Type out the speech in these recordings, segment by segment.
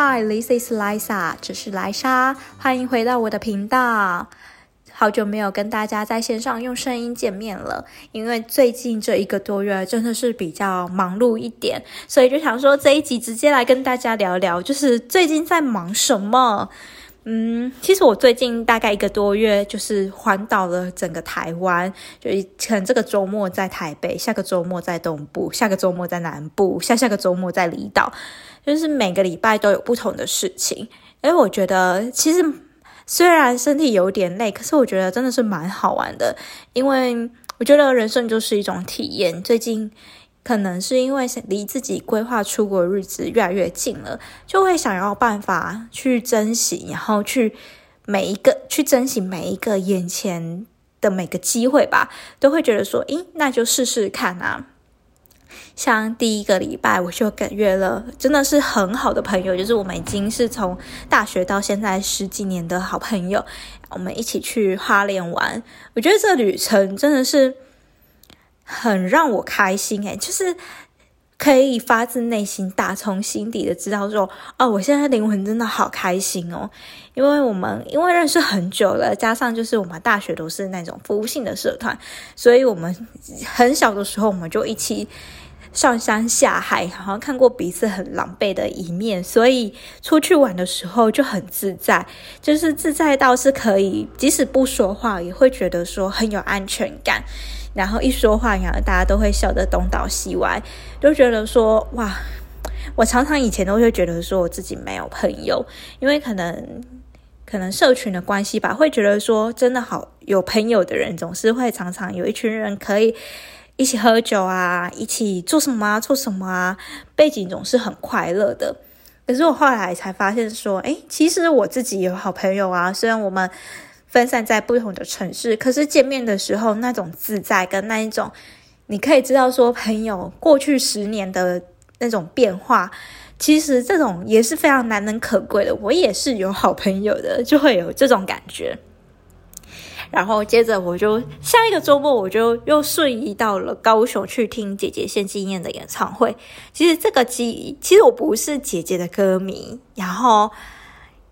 Hi, this is Liza，這是萊莎，歡迎回到我的頻道。好久沒有跟大家在線上用聲音見面了，因為最近這一個多月真的是比較忙碌一點，所以就想說，這一集直接來跟大家聊聊，就是最近在忙什麼。嗯，其實我最近大概一個多月就是環島了，整個台灣，就以前這個週末在台北，下個週末在東部，下個週末在南部，下下個週末在離島。就是每個禮拜都有不同的事情，誒，我覺得其實雖然身體有點累，可是我覺得真的是蠻好玩的。因為我覺得人生就是一種體驗。最近可能是因為離自己規劃出國的日子越來越近了，就會想要辦法去珍惜，然後去每一個去珍惜每一個眼前的每個機會吧，都會覺得說，哎，那就試試看啊。像第一個禮拜我就跟約了，真的是很好的朋友，就是我們已經是從大學到現在十幾年的好朋友，我們一起去花蓮玩。我覺得這旅程真的是很讓我開心欸，就是。可以發自內心、打從心底的知道說，哦，我現在的靈魂真的好開心哦！因為我們因為認識很久了，加上就是我們大學都是那種服務性的社團，所以我們很小的時候我們就一起上山下海，好像看過彼此很狼狽的一面，所以出去玩的時候就很自在，就是自在到是可以，即使不說話也會覺得說很有安全感。然後一說話，然後大家都會笑得東倒西歪，就覺得說哇，我常常以前都會覺得說我自己沒有朋友，因為可能可能社群的關係吧，會覺得說真的好有朋友的人總是會常常有一群人可以一起喝酒啊，一起做什麼啊，做什麼啊，背景總是很快樂的。可是我後來才發現說，哎，其實我自己有好朋友啊，雖然我們。分散在不同的城市，可是見面的時候那種自在跟那一種，你可以知道說朋友過去十年的那種變化，其實這種也是非常難能可貴的。我也是有好朋友的，就會有這種感覺。然後接着我就下一個周末我就又瞬移到了高雄去聽姐姐謝金燕的演唱會。其實這個機，其實我不是姐姐的歌迷，然後。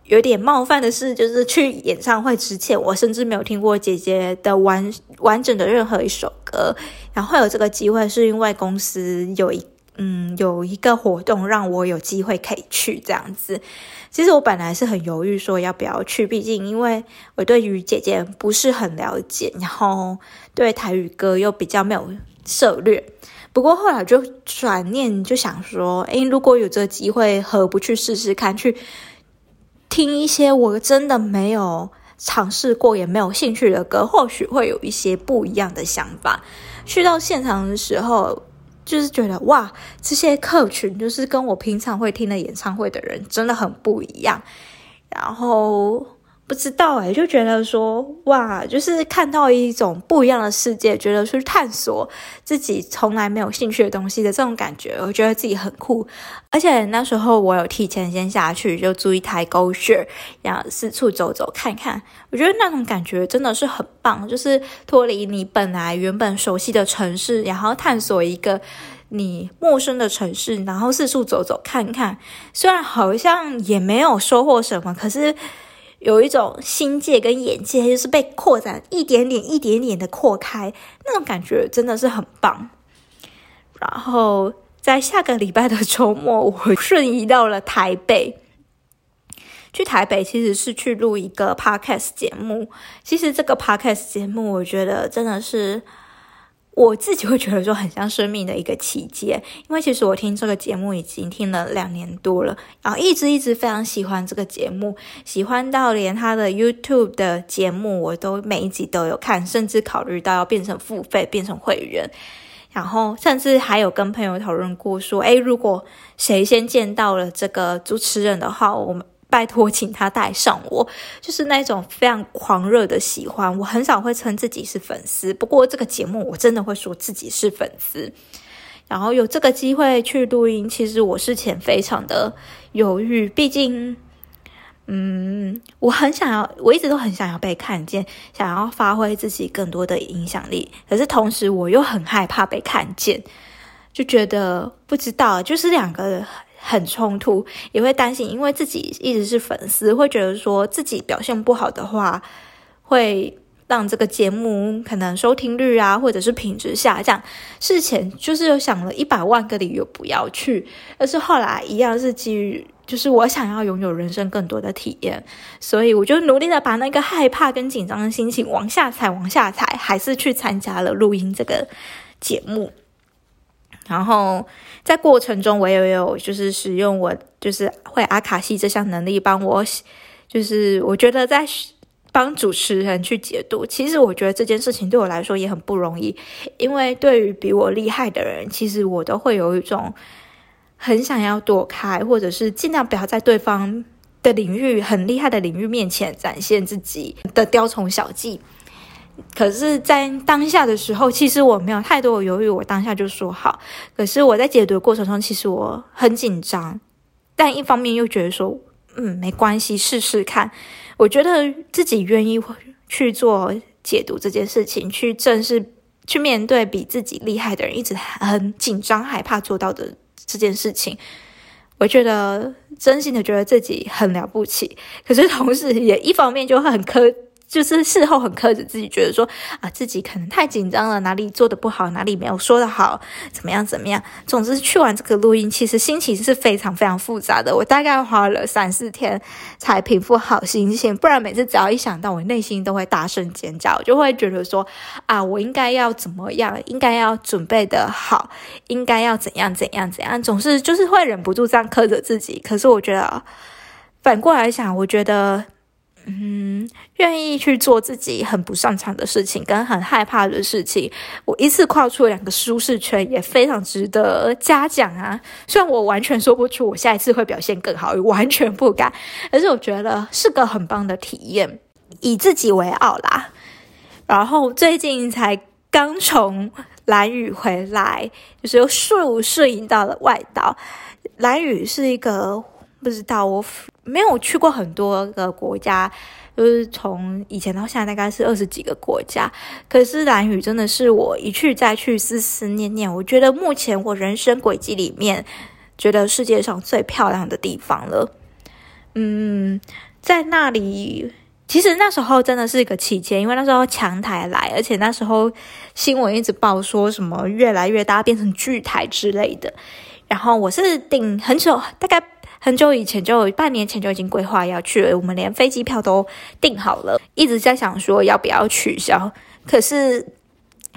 有點冒犯的是，就是去演唱會之前，我甚至沒有聽過姐姐的完完整的任何一首歌。然後有這個機會，是因為公司有一嗯有一個活動，讓我有機會可以去這樣子。其實我本來是很猶豫，說要不要去，畢竟因為我對於姐姐不是很了解，然後對台語歌又比較沒有涉獵。不過後來我就轉念就想說，哎，如果有這個機會，何不去試試看去？聽一些我真的沒有嘗試過也沒有興趣的歌，或許會有一些不一樣的想法。去到現場的時候，就是覺得哇，這些客群就是跟我平常會聽的演唱會的人真的很不一樣。然後。不知道哎、欸，就覺得說哇，就是看到一種不一樣的世界，覺得去探索自己從來沒有興趣的東西的這種感覺，我覺得自己很酷。而且那時候我有提前先下去，就租一台 GoShare 然後四處走走看看。我覺得那種感覺真的是很棒，就是脫離你本來原本熟悉的城市，然後探索一個你陌生的城市，然後四處走走看看。雖然好像也沒有收穫什麼，可是。有一種心界跟眼界，就是被擴展一點點、一點點的擴開，那種感覺真的是很棒。然後在下個禮拜的週末，我瞬移到了台北。去台北其實是去錄一個 podcast 節目，其實這個 podcast 節目，我覺得真的是。我自己會覺得說很像生命的一個奇蹟。因為其實我聽這個節目已經聽了兩年多了，然後一直一直非常喜歡這個節目，喜歡到連他的 YouTube 的節目我都每一集都有看，甚至考慮到要變成付費，變成會員，然後甚至還有跟朋友討論過，說，誒，如果誰先見到了這個主持人的話，我們。拜託，請他帶上我，就是那種非常狂熱的喜歡。我很少會稱自己是粉絲，不過這個節目我真的會說自己是粉絲。然後有這個機會去錄音，其實我事前非常的猶豫，畢竟，嗯，我很想要，我一直都很想要被看見，想要發揮自己更多的影響力。可是同時，我又很害怕被看見，就覺得不知道，就是兩個。很衝突，也會擔心，因為自己一直是粉絲，會覺得說自己表現不好的話，會讓這個節目可能收聽率啊，或者是品質下降。事前就是有想了一百萬個理由不要去，但是後來一樣是基於，就是我想要擁有人生更多的體驗，所以我就努力的把那個害怕跟緊張的心情往下踩，往下踩，還是去參加了錄音這個節目。然後在過程中，我也有就是使用我就是會阿卡西這項能力幫我，就是我覺得在幫主持人去解讀。其實我覺得這件事情對我來說也很不容易，因為對於比我厲害的人，其實我都會有一種很想要躲開，或者是儘量不要在對方的領域很厲害的領域面前展現自己的雕蟲小技。可是，在當下的時候，其實我沒有太多猶豫，我當下就說好。可是我在解讀的過程中，其實我很緊張，但一方面又覺得說，嗯，沒關係，試試看。我覺得自己願意去做解讀這件事情，去正視、去面對比自己厲害的人一直很緊張、害怕做到的這件事情，我覺得真心的覺得自己很了不起。可是同時，也一方面就很苛。就是事後很苛責自己，覺得說啊，自己可能太緊張了，哪裡做得不好，哪裡沒有說得好，怎麼樣怎麼樣。總之去完這個錄音，其實心情是非常非常複雜的。我大概花了三四天才平復好心情，不然每次只要一想到，我內心都會大聲尖叫，我就會覺得說啊，我應該要怎麼樣，應該要準備得好，應該要怎樣怎樣怎樣，總是就是會忍不住這樣苛責自己。可是我覺得反過來想，我覺得。嗯，願意去做自己很不擅長的事情跟很害怕的事情，我一次跨出兩個舒適圈也非常值得嘉獎啊！雖然我完全說不出我下一次會表現更好，完全不敢，但是我覺得是個很棒的體驗，以自己為傲啦。然後最近才剛從蘭嶼回來，就是又順適應到了外島，蘭嶼是一個。不知道，我沒有去過很多個國家，就是從以前到現在大概是二十幾個國家。可是蘭嶼真的是我一去再去，思思念念。我覺得目前我人生軌跡裡面，覺得世界上最漂亮的地方了。嗯，在那裡，其實那時候真的是一個期間，因為那時候強颱來，而且那時候新聞一直報說什麼越來越大變成巨颱之類的。然後我是頂很久，大概。很久以前就半年前就已經規劃要去了，我們連飛機票都訂好了，一直在想說要不要取消。可是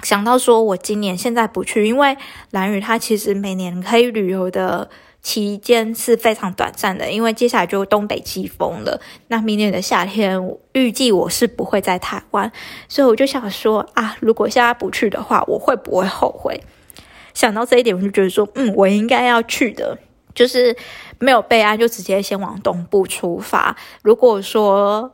想到說我今年現在不去，因為蘭嶼他其實每年可以旅遊的期間是非常短暫的，因為接下來就東北季風了。那明年的夏天預計我是不會在台灣，所以我就想說啊，如果現在不去的話，我會不會後悔？想到這一點，我就覺得說，嗯，我應該要去的。就是沒有備案，就直接先往東部出發。如果說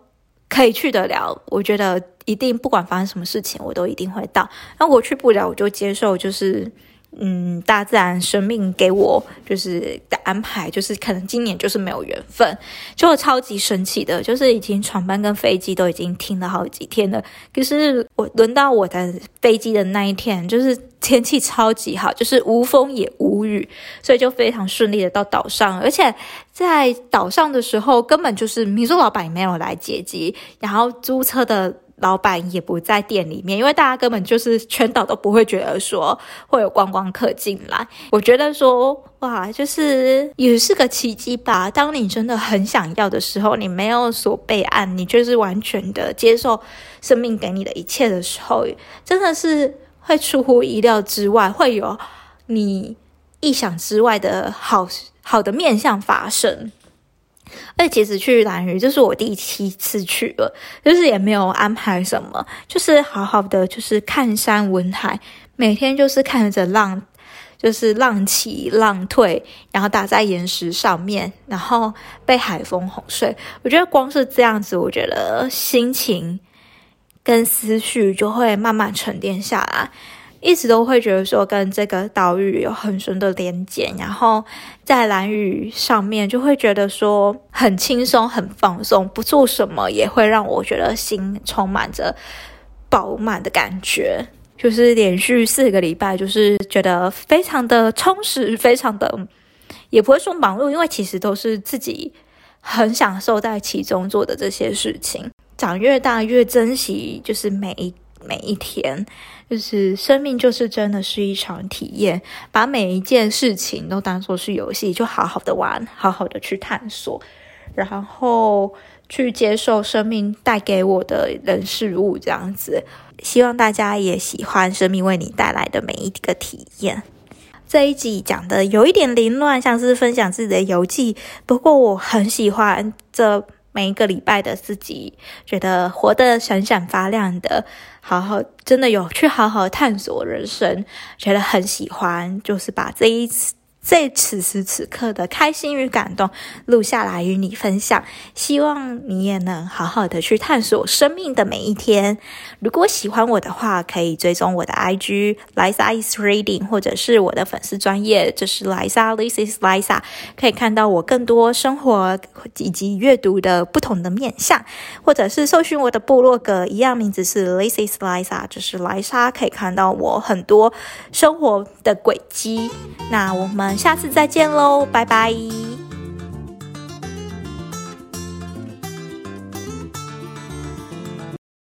可以去得了，我覺得一定不管發生什麼事情，我都一定會到。那我去不了，我就接受，就是。嗯，大自然生命給我就是的安排，就是可能今年就是沒有緣分。就超級神奇的，就是已經船班跟飛機都已經停了好幾天了，可是我輪到我的飛機的那一天，就是天氣超級好，就是無風也無雨，所以就非常順利的到島上了。而且在島上的時候，根本就是民宿老闆也沒有來接機，然後租車的。老闆也不在店裡面，因為大家根本就是全島都不會覺得說，會有觀光客進來。我覺得說，哇，就是也是個奇蹟吧。當你真的很想要的時候，你沒有所備案，你就是完全的接受生命給你的一切的時候，真的是會出乎意料之外，會有你意想之外的好好的面向發生。而且其實去蘭嶼，就是我第七次去了，就是也沒有安排什麼，就是好好的，就是看山聞海，每天就是看着浪，就是浪起浪退，然後打在岩石上面，然後被海風哄睡。我覺得光是這樣子，我覺得心情跟思緒就會慢慢沉澱下來。一直都會覺得說跟這個島嶼有很深的連接，然後在蘭嶼上面就會覺得說很輕鬆、很放鬆，不做什麼也會讓我覺得心充滿着飽滿的感覺。就是連續四個禮拜，就是覺得非常的充實，非常的也不會說忙碌，因為其實都是自己很享受在其中做的這些事情。長越大越珍惜，就是每一。每一天，就是生命，就是真的是一場體驗。把每一件事情都當做是遊戲，就好好的玩，好好的去探索，然後去接受生命帶給我的人事物，這樣子。希望大家也喜歡生命為你帶來的每一個體驗。這一集講的有一點凌亂，像是分享自己的遊記，不過我很喜歡這。每一個禮拜的自己，覺得活得閃閃發亮的，好好，真的有去好好探索人生，覺得很喜歡，就是把這一次。在此時此刻的開心與感動錄下來與你分享，希望你也能好好的去探索生命的每一天。如果喜歡我的話，可以追蹤我的 IG Liza is reading，或者是我的粉絲專頁，這、就是 this is Liza，可以看到我更多生活以及閱讀的不同的面向。或者是搜尋我的部落格一樣，名字是 this is Liza，這是萊莎，可以看到我很多生活的軌跡。那我們。下次再見嘍，拜拜。